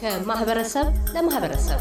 ከማህበረሰብ ለማህበረሰብ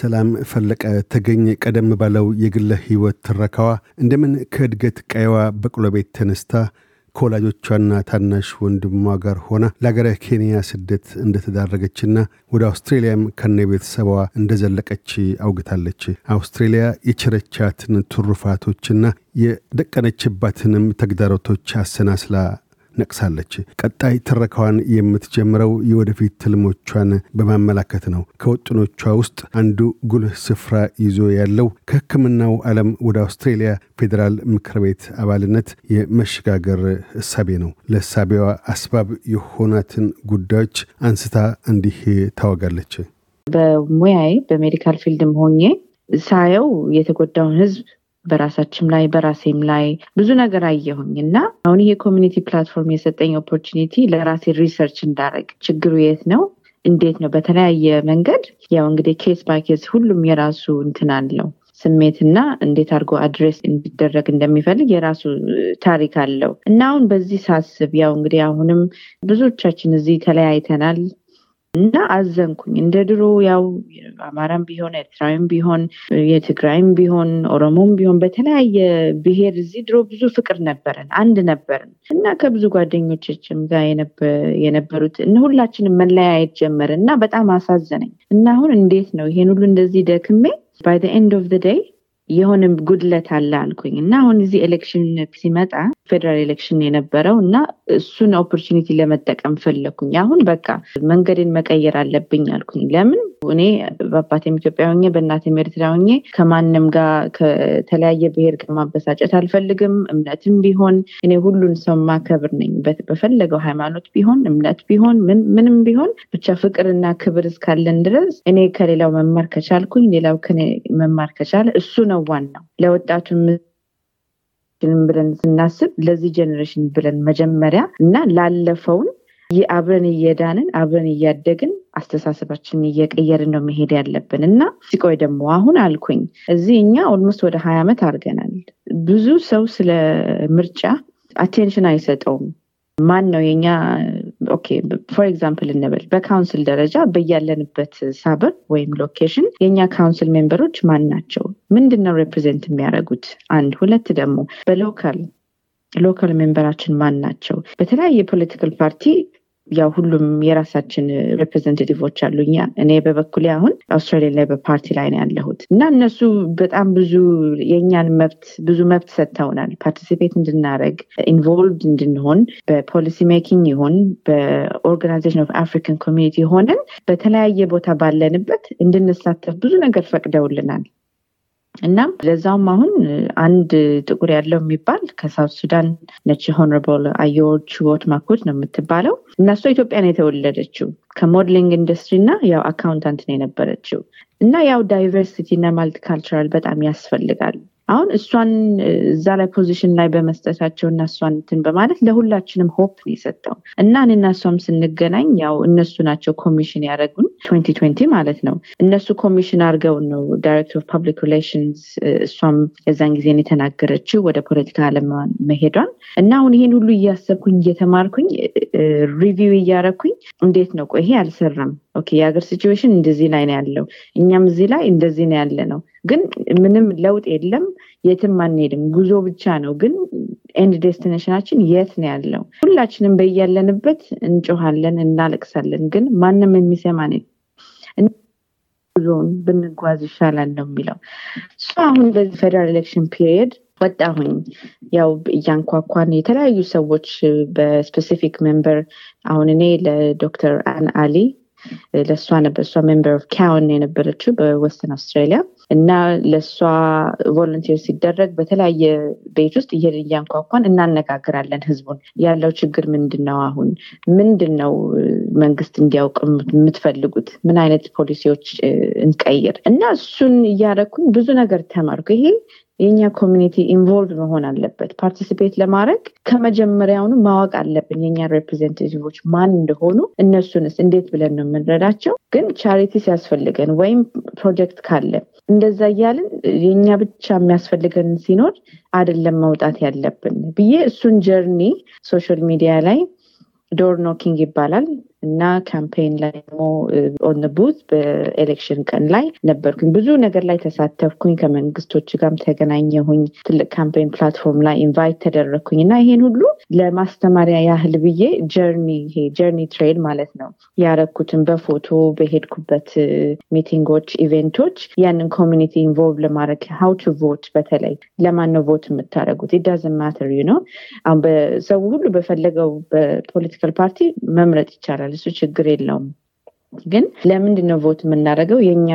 ሰላም ፈለቀ ተገኝ ቀደም ባለው የግለ ህይወት ትረካዋ እንደምን ከእድገት ቀይዋ በቅሎ ቤት ተነስታ ከወላጆቿና ታናሽ ወንድሟ ጋር ሆና ለአገረ ኬንያ ስደት እንደተዳረገችና ወደ አውስትሬልያም ከነ ቤተሰቧ እንደዘለቀች አውግታለች። አውስትሬልያ የቸረቻትን ትሩፋቶችና የደቀነችባትንም ተግዳሮቶች አሰናስላ ነቅሳለች። ቀጣይ ትረካዋን የምትጀምረው የወደፊት ትልሞቿን በማመላከት ነው። ከወጥኖቿ ውስጥ አንዱ ጉልህ ስፍራ ይዞ ያለው ከሕክምናው ዓለም ወደ አውስትሬልያ ፌዴራል ምክር ቤት አባልነት የመሸጋገር እሳቤ ነው። ለእሳቤዋ አስባብ የሆናትን ጉዳዮች አንስታ እንዲህ ታወጋለች። በሙያዬ በሜዲካል ፊልድም ሆኜ ሳየው የተጎዳውን ህዝብ በራሳችም ላይ በራሴም ላይ ብዙ ነገር አየሁኝ እና አሁን ይሄ ኮሚኒቲ ፕላትፎርም የሰጠኝ ኦፖርቹኒቲ ለራሴ ሪሰርች እንዳረግ ችግሩ የት ነው እንዴት ነው በተለያየ መንገድ ያው እንግዲህ ኬስ ባኬስ ሁሉም የራሱ እንትን አለው ስሜትና እንዴት አድርጎ አድሬስ እንዲደረግ እንደሚፈልግ የራሱ ታሪክ አለው እና አሁን በዚህ ሳስብ ያው እንግዲህ አሁንም ብዙዎቻችን እዚህ ተለያይተናል እና አዘንኩኝ። እንደ ድሮ ያው አማራም ቢሆን ኤርትራዊም ቢሆን የትግራይም ቢሆን ኦሮሞም ቢሆን በተለያየ ብሄር እዚህ ድሮ ብዙ ፍቅር ነበረን፣ አንድ ነበርን እና ከብዙ ጓደኞቻችን ጋር የነበሩት እነ ሁላችንም መለያየት ጀመረ እና በጣም አሳዘነኝ እና አሁን እንዴት ነው ይሄን ሁሉ እንደዚህ ደክሜ ባይ ኤንድ ኦፍ ደ ዴይ የሆነ ጉድለት አለ አልኩኝ እና አሁን እዚህ ኤሌክሽን ሲመጣ ፌዴራል ኤሌክሽን የነበረው እና እሱን ኦፖርቹኒቲ ለመጠቀም ፈለኩኝ። አሁን በቃ መንገድን መቀየር አለብኝ አልኩኝ። ለምን እኔ በአባቴም ኢትዮጵያ ሆኜ በእናቴም ኤርትራ ሆኜ ከማንም ጋር ከተለያየ ብሔር ጋር ማበሳጨት አልፈልግም። እምነትም ቢሆን እኔ ሁሉን ሰው ማከብር ነኝ። በፈለገው ሃይማኖት ቢሆን እምነት ቢሆን ምንም ቢሆን ብቻ ፍቅርና ክብር እስካለን ድረስ እኔ ከሌላው መማር ከቻልኩኝ ሌላው ከኔ መማር ከቻለ እሱ ነው ዋናው ለወጣቱ ጀኔሬሽንም ብለን ስናስብ ለዚህ ጀኔሬሽን ብለን መጀመሪያ እና ላለፈውን አብረን እየዳንን አብረን እያደግን አስተሳሰባችንን እየቀየርን ነው መሄድ ያለብን እና ሲቆይ ደግሞ አሁን አልኩኝ እዚህ እኛ ኦልሞስት ወደ ሀያ ዓመት አድርገናል። ብዙ ሰው ስለ ምርጫ አቴንሽን አይሰጠውም። ማን ነው የኛ ኦኬ ፎር ኤግዛምፕል እንበል በካውንስል ደረጃ በያለንበት ሳብር ወይም ሎኬሽን የእኛ ካውንስል ሜምበሮች ማን ናቸው ምንድነው ነው ሬፕሬዘንት የሚያደርጉት አንድ ሁለት ደግሞ በሎካል ሎካል ሜምበራችን ማን ናቸው በተለያየ ፖለቲካል ፓርቲ ያው ሁሉም የራሳችን ሪፕሬዘንቴቲቮች አሉኛ እኔ በበኩሌ አሁን አውስትራሊያ ላይ በፓርቲ ላይ ነው ያለሁት እና እነሱ በጣም ብዙ የእኛን መብት ብዙ መብት ሰጥተውናል ፓርቲሲፔት እንድናደረግ ኢንቮልቭድ እንድንሆን በፖሊሲ ሜኪንግ ይሁን በኦርጋናይዜሽን ኦፍ አፍሪካን ኮሚኒቲ ሆነን በተለያየ ቦታ ባለንበት እንድንሳተፍ ብዙ ነገር ፈቅደውልናል እናም ለዛውም አሁን አንድ ጥቁር ያለው የሚባል ከሳውት ሱዳን ነች ሆኖረብል አየዎች ወት ማኮች ነው የምትባለው እና ኢትዮጵያ ነው የተወለደችው ከሞድሊንግ ኢንዱስትሪ እና ያው አካውንታንት ነው የነበረችው እና ያው ዳይቨርሲቲ እና ማልቲካልቸራል በጣም ያስፈልጋል አሁን እሷን እዛ ላይ ፖዚሽን ላይ በመስጠታቸው እና እሷን እንትን በማለት ለሁላችንም ሆፕ ነው የሰጠው እና እኔና እሷም ስንገናኝ ያው እነሱ ናቸው ኮሚሽን ያደረጉን ትንቲ ማለት ነው እነሱ ኮሚሽን አድርገው ነው ዳይሬክተር ኦፍ ፐብሊክ ሪሌሽንስ እሷም የዛን ጊዜን የተናገረችው ወደ ፖለቲካ አለም መሄዷን እና አሁን ይሄን ሁሉ እያሰብኩኝ እየተማርኩኝ ሪቪው እያረኩኝ እንዴት ነው ቆይ ይሄ አልሰራም ኦኬ የሀገር ሲዌሽን እንደዚህ ላይ ነው ያለው እኛም እዚህ ላይ እንደዚህ ነው ያለ ነው ግን ምንም ለውጥ የለም የትም አንሄድም። ጉዞ ብቻ ነው፣ ግን ኤንድ ዴስቲኔሽናችን የት ነው ያለው? ሁላችንም በያለንበት እንጮሃለን፣ እናለቅሳለን፣ ግን ማንም የሚሰማን ጉዞን ብንጓዝ ይሻላል ነው የሚለው። አሁን በዚህ ፌደራል ኤሌክሽን ፒሪየድ ወጣሁኝ። ያው እያንኳኳን የተለያዩ ሰዎች በስፔሲፊክ ሜምበር አሁን እኔ ለዶክተር አን አሊ ለእሷ ነበር እሷ ሜምበር ኦፍ ካውን የነበረችው በወስተን አውስትራሊያ እና ለእሷ ቮለንቲር ሲደረግ በተለያየ ቤት ውስጥ እየሄድን እያንኳኳን እናነጋግራለን ህዝቡን ያለው ችግር ምንድን ነው አሁን ምንድን ነው መንግስት እንዲያውቅ የምትፈልጉት ምን አይነት ፖሊሲዎች እንቀይር እና እሱን እያረኩኝ ብዙ ነገር ተማርኩ ይሄ የኛ ኮሚኒቲ ኢንቮልቭ መሆን አለበት። ፓርቲሲፔት ለማድረግ ከመጀመሪያውኑ ማወቅ አለብን የኛ ሬፕሬዘንቴቲቮች ማን እንደሆኑ፣ እነሱንስ እንዴት ብለን ነው የምንረዳቸው። ግን ቻሪቲ ሲያስፈልገን ወይም ፕሮጀክት ካለ እንደዛ እያልን የኛ ብቻ የሚያስፈልገን ሲኖር አይደለም መውጣት ያለብን ብዬ እሱን ጀርኒ ሶሻል ሚዲያ ላይ ዶር ኖኪንግ ይባላል እና ካምፔን ላይ ደግሞ ኦን ቡዝ በኤሌክሽን ቀን ላይ ነበርኩኝ። ብዙ ነገር ላይ ተሳተፍኩኝ። ከመንግስቶች ጋም ተገናኘሁኝ። ትልቅ ካምፔን ፕላትፎርም ላይ ኢንቫይት ተደረግኩኝ እና ይሄን ሁሉ ለማስተማሪያ ያህል ብዬ ጀርኒ ይሄ ጀርኒ ትሬል ማለት ነው ያረኩትን በፎቶ በሄድኩበት ሚቲንጎች፣ ኢቨንቶች ያንን ኮሚኒቲ ኢንቮልቭ ለማድረግ ሀው ቱ ቮት በተለይ ለማን ነው ቮት የምታደረጉት ኢዳዝን ማተር ነው። ሰው ሁሉ በፈለገው በፖለቲካል ፓርቲ መምረጥ ይቻላል። ይችላል። እሱ ችግር የለውም። ግን ለምንድን ነው ቮት የምናደርገው? የእኛ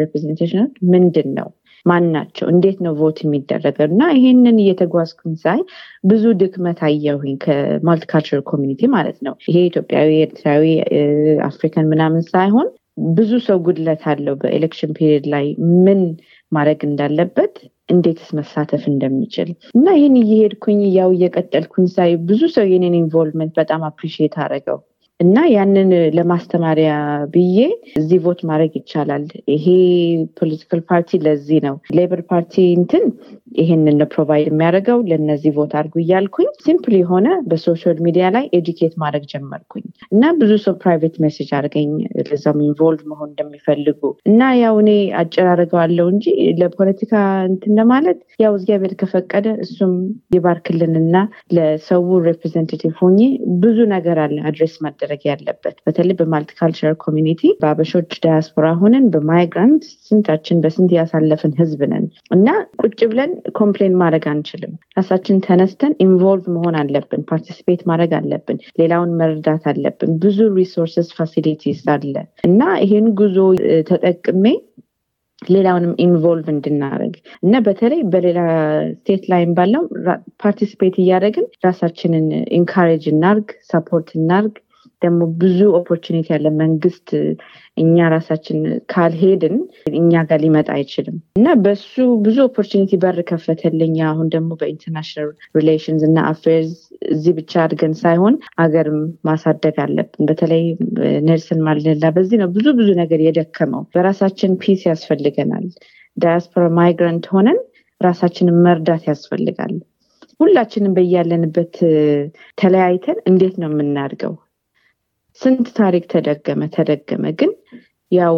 ሬፕሬዘንቴሽን ምንድን ነው? ማን ናቸው? እንዴት ነው ቮት የሚደረገው? እና ይሄንን እየተጓዝኩኝ ሳይ ብዙ ድክመት አየሁኝ። ከማልቲካልቸራል ኮሚኒቲ ማለት ነው። ይሄ ኢትዮጵያዊ፣ ኤርትራዊ፣ አፍሪካን ምናምን ሳይሆን ብዙ ሰው ጉድለት አለው። በኤሌክሽን ፔሪየድ ላይ ምን ማድረግ እንዳለበት እንዴትስ መሳተፍ እንደሚችል እና ይህን እየሄድኩኝ ያው እየቀጠልኩኝ ሳይ ብዙ ሰው የኔን ኢንቮልቭመንት በጣም አፕሪሺየት አደረገው። እና ያንን ለማስተማሪያ ብዬ እዚህ ቮት ማድረግ ይቻላል፣ ይሄ ፖለቲካል ፓርቲ ለዚህ ነው፣ ሌበር ፓርቲ እንትን ይሄንን ፕሮቫይድ የሚያደርገው ለነዚህ ቮት አድርጉ እያልኩኝ ሲምፕል የሆነ በሶሻል ሚዲያ ላይ ኤዱኬት ማድረግ ጀመርኩኝ እና ብዙ ሰው ፕራይቬት ሜሴጅ አድርገኝ ለዛም ኢንቮልቭ መሆን እንደሚፈልጉ እና ያው እኔ አጭር አጨራርገዋለሁ እንጂ ለፖለቲካ እንትን ለማለት ያው እግዚአብሔር ከፈቀደ እሱም ይባርክልንና ለሰው ሬፕሬዘንቲቲቭ ሆኜ ብዙ ነገር አለ አድሬስ ማደር መደረግ ያለበት በተለይ በማልቲካልቸር ኮሚኒቲ በአበሾች ዳያስፖራ ሆነን በማይግራንት ስንታችን በስንት ያሳለፍን ህዝብ ነን እና ቁጭ ብለን ኮምፕሌን ማድረግ አንችልም። ራሳችን ተነስተን ኢንቮልቭ መሆን አለብን፣ ፓርቲስፔት ማድረግ አለብን፣ ሌላውን መርዳት አለብን። ብዙ ሪሶርስስ ፋሲሊቲስ አለ እና ይሄን ጉዞ ተጠቅሜ ሌላውንም ኢንቮልቭ እንድናደርግ እና በተለይ በሌላ ስቴት ላይም ባለው ፓርቲስፔት እያደረግን ራሳችንን ኢንካሬጅ እናርግ፣ ሰፖርት እናርግ ደግሞ ብዙ ኦፖርቹኒቲ ያለ መንግስት እኛ ራሳችን ካልሄድን እኛ ጋር ሊመጣ አይችልም እና በሱ ብዙ ኦፖርቹኒቲ በር ከፈተልኝ። አሁን ደግሞ በኢንተርናሽናል ሪሌሽንስ እና አፌርስ እዚህ ብቻ አድገን ሳይሆን አገር ማሳደግ አለብን። በተለይ ኔልሰን ማንዴላ በዚህ ነው ብዙ ብዙ ነገር የደከመው። በራሳችን ፒስ ያስፈልገናል። ዳያስፖራ ማይግራንት ሆነን ራሳችንን መርዳት ያስፈልጋል። ሁላችንም በያለንበት ተለያይተን እንዴት ነው የምናድገው? ስንት ታሪክ ተደገመ ተደገመ ግን ያው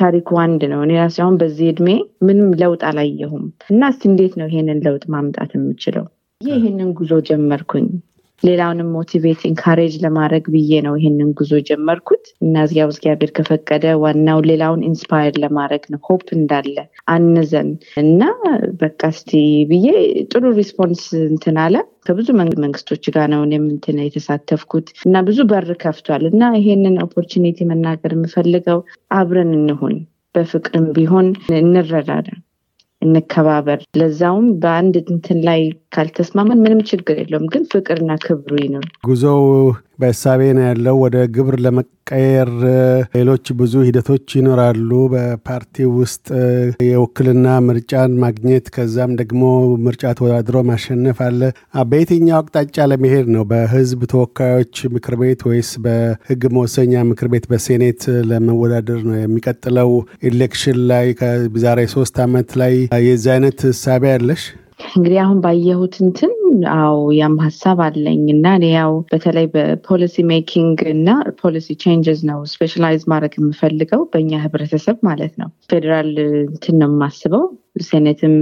ታሪኩ አንድ ነው እኔ ራሴ አሁን በዚህ እድሜ ምንም ለውጥ አላየሁም እና እስቲ እንዴት ነው ይሄንን ለውጥ ማምጣት የምችለው ይህንን ጉዞ ጀመርኩኝ ሌላውንም ሞቲቬት ኢንካሬጅ ለማድረግ ብዬ ነው ይሄንን ጉዞ ጀመርኩት እና እዚያው እግዚአብሔር ከፈቀደ ዋናው ሌላውን ኢንስፓየር ለማድረግ ነው ሆፕ እንዳለ አንዘን እና በቃ ስቲ ብዬ ጥሩ ሪስፖንስ እንትን አለ ከብዙ መንግስቶች ጋር ነው እንትን የተሳተፍኩት እና ብዙ በር ከፍቷል እና ይሄንን ኦፖርቹኒቲ መናገር የምፈልገው አብረን እንሁን በፍቅርም ቢሆን እንረዳዳን እንከባበር። ለዛውም በአንድ እንትን ላይ ካልተስማማን ምንም ችግር የለውም፣ ግን ፍቅርና ክብሩ ይኑር። ጉዞው በእሳቤ ነው ያለው። ወደ ግብር ለመቀየር ሌሎች ብዙ ሂደቶች ይኖራሉ። በፓርቲ ውስጥ የውክልና ምርጫን ማግኘት ከዛም ደግሞ ምርጫ ተወዳድሮ ማሸነፍ አለ። በየትኛው አቅጣጫ ለመሄድ ነው? በህዝብ ተወካዮች ምክር ቤት ወይስ በህግ መወሰኛ ምክር ቤት በሴኔት ለመወዳደር ነው? የሚቀጥለው ኢሌክሽን ላይ ከዛሬ ሶስት ዓመት ላይ የዚ አይነት እሳቤ አለሽ? እንግዲህ አሁን ባየሁት እንትን አዎ ያም ሀሳብ አለኝ እና ያው በተለይ በፖሊሲ ሜኪንግ እና ፖሊሲ ቼንጅስ ነው ስፔሻላይዝ ማድረግ የምፈልገው በእኛ ህብረተሰብ ማለት ነው ፌዴራል እንትን ነው የማስበው ሴኔትም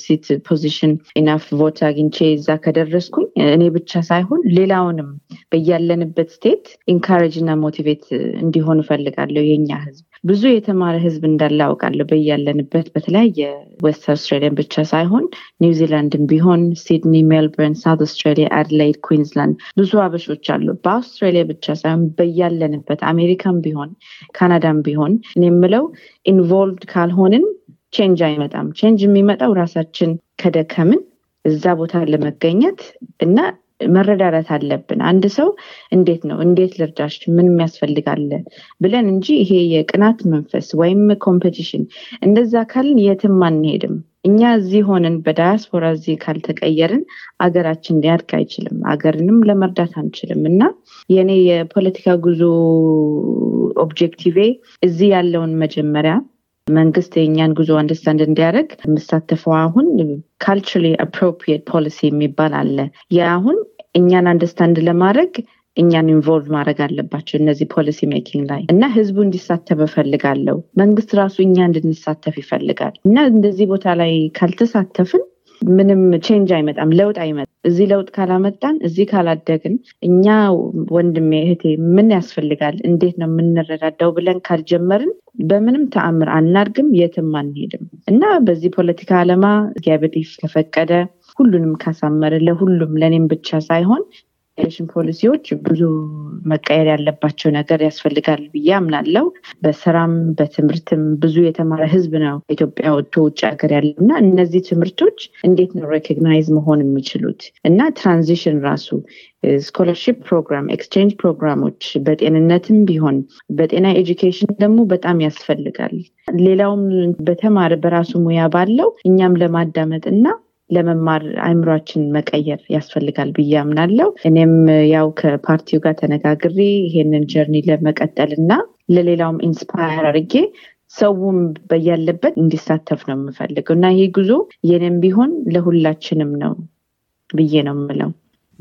ሲት ፖዚሽን ኢናፍ ቮት አግኝቼ እዛ ከደረስኩኝ እኔ ብቻ ሳይሆን ሌላውንም በያለንበት ስቴት ኢንካሬጅ እና ሞቲቬት እንዲሆን እፈልጋለሁ። የኛ ህዝብ ብዙ የተማረ ህዝብ እንዳለ አውቃለሁ። በያለንበት በተለያየ ዌስት አውስትራሊያን ብቻ ሳይሆን ኒውዚላንድም ቢሆን ሲድኒ፣ ሜልበርን፣ ሳውት አውስትራሊያ፣ አድላይድ፣ ኩዊንስላንድ ብዙ አበሾች አሉ። በአውስትራሊያ ብቻ ሳይሆን በያለንበት አሜሪካም ቢሆን ካናዳም ቢሆን እኔ የምለው ኢንቮልቭድ ካልሆንን ቼንጅ አይመጣም። ቼንጅ የሚመጣው ራሳችን ከደከምን እዛ ቦታ ለመገኘት እና መረዳዳት አለብን። አንድ ሰው እንዴት ነው እንዴት ልርዳሽ፣ ምን የሚያስፈልጋለ ብለን እንጂ ይሄ የቅናት መንፈስ ወይም ኮምፔቲሽን እንደዛ ካልን የትም አንሄድም። እኛ እዚህ ሆንን በዳያስፖራ እዚህ ካልተቀየርን አገራችን ሊያድግ አይችልም። አገርንም ለመርዳት አንችልም እና የኔ የፖለቲካ ጉዞ ኦብጀክቲቬ እዚህ ያለውን መጀመሪያ መንግስት የእኛን ጉዞ አንደርስታንድ እንዲያደርግ የምሳተፈው አሁን ካልቸራሊ አፕሮፕሪየት ፖሊሲ የሚባል አለ። ያ አሁን እኛን አንደርስታንድ ለማድረግ እኛን ኢንቮልቭ ማድረግ አለባቸው እነዚህ ፖሊሲ ሜኪንግ ላይ እና ህዝቡ እንዲሳተፍ እፈልጋለሁ። መንግስት ራሱ እኛ እንድንሳተፍ ይፈልጋል እና እንደዚህ ቦታ ላይ ካልተሳተፍን ምንም ቼንጅ አይመጣም፣ ለውጥ አይመጣም። እዚህ ለውጥ ካላመጣን፣ እዚህ ካላደግን፣ እኛ ወንድሜ እህቴ ምን ያስፈልጋል፣ እንዴት ነው የምንረዳዳው ብለን ካልጀመርን በምንም ተአምር አናድግም፣ የትም አንሄድም እና በዚህ ፖለቲካ አለማ እግዚአብሔር ከፈቀደ ሁሉንም ካሳመረ ለሁሉም ለእኔም ብቻ ሳይሆን ሽን ፖሊሲዎች ብዙ መቀየር ያለባቸው ነገር ያስፈልጋል ብዬ አምናለው። በስራም በትምህርትም ብዙ የተማረ ህዝብ ነው ኢትዮጵያ ወጥቶ ውጭ ሀገር ያለው እና እነዚህ ትምህርቶች እንዴት ነው ሬኮግናይዝ መሆን የሚችሉት እና ትራንዚሽን ራሱ ስኮላርሽፕ ፕሮግራም፣ ኤክስቼንጅ ፕሮግራሞች በጤንነትም ቢሆን በጤና ኤጁኬሽን ደግሞ በጣም ያስፈልጋል። ሌላውም በተማረ በራሱ ሙያ ባለው እኛም ለማዳመጥ እና ለመማር አይምሯችን መቀየር ያስፈልጋል ብዬ አምናለው። እኔም ያው ከፓርቲው ጋር ተነጋግሬ ይሄንን ጀርኒ ለመቀጠል እና ለሌላውም ኢንስፓየር አርጌ ሰውም በያለበት እንዲሳተፍ ነው የምፈልገው እና ይሄ ጉዞ የኔም ቢሆን ለሁላችንም ነው ብዬ ነው ምለው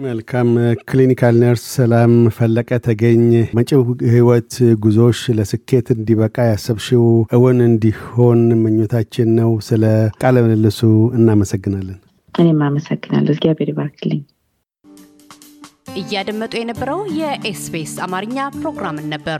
መልካም ክሊኒካል ነርስ ሰላም ፈለቀ ተገኝ፣ መጪው ህይወት ጉዞሽ ለስኬት እንዲበቃ ያሰብሽው እውን እንዲሆን ምኞታችን ነው። ስለ ቃለ ምልልሱ እናመሰግናለን። እኔም አመሰግናለሁ። እግዚአብሔር ይባርክልኝ። እያደመጡ የነበረው የኤስፔስ አማርኛ ፕሮግራምን ነበር።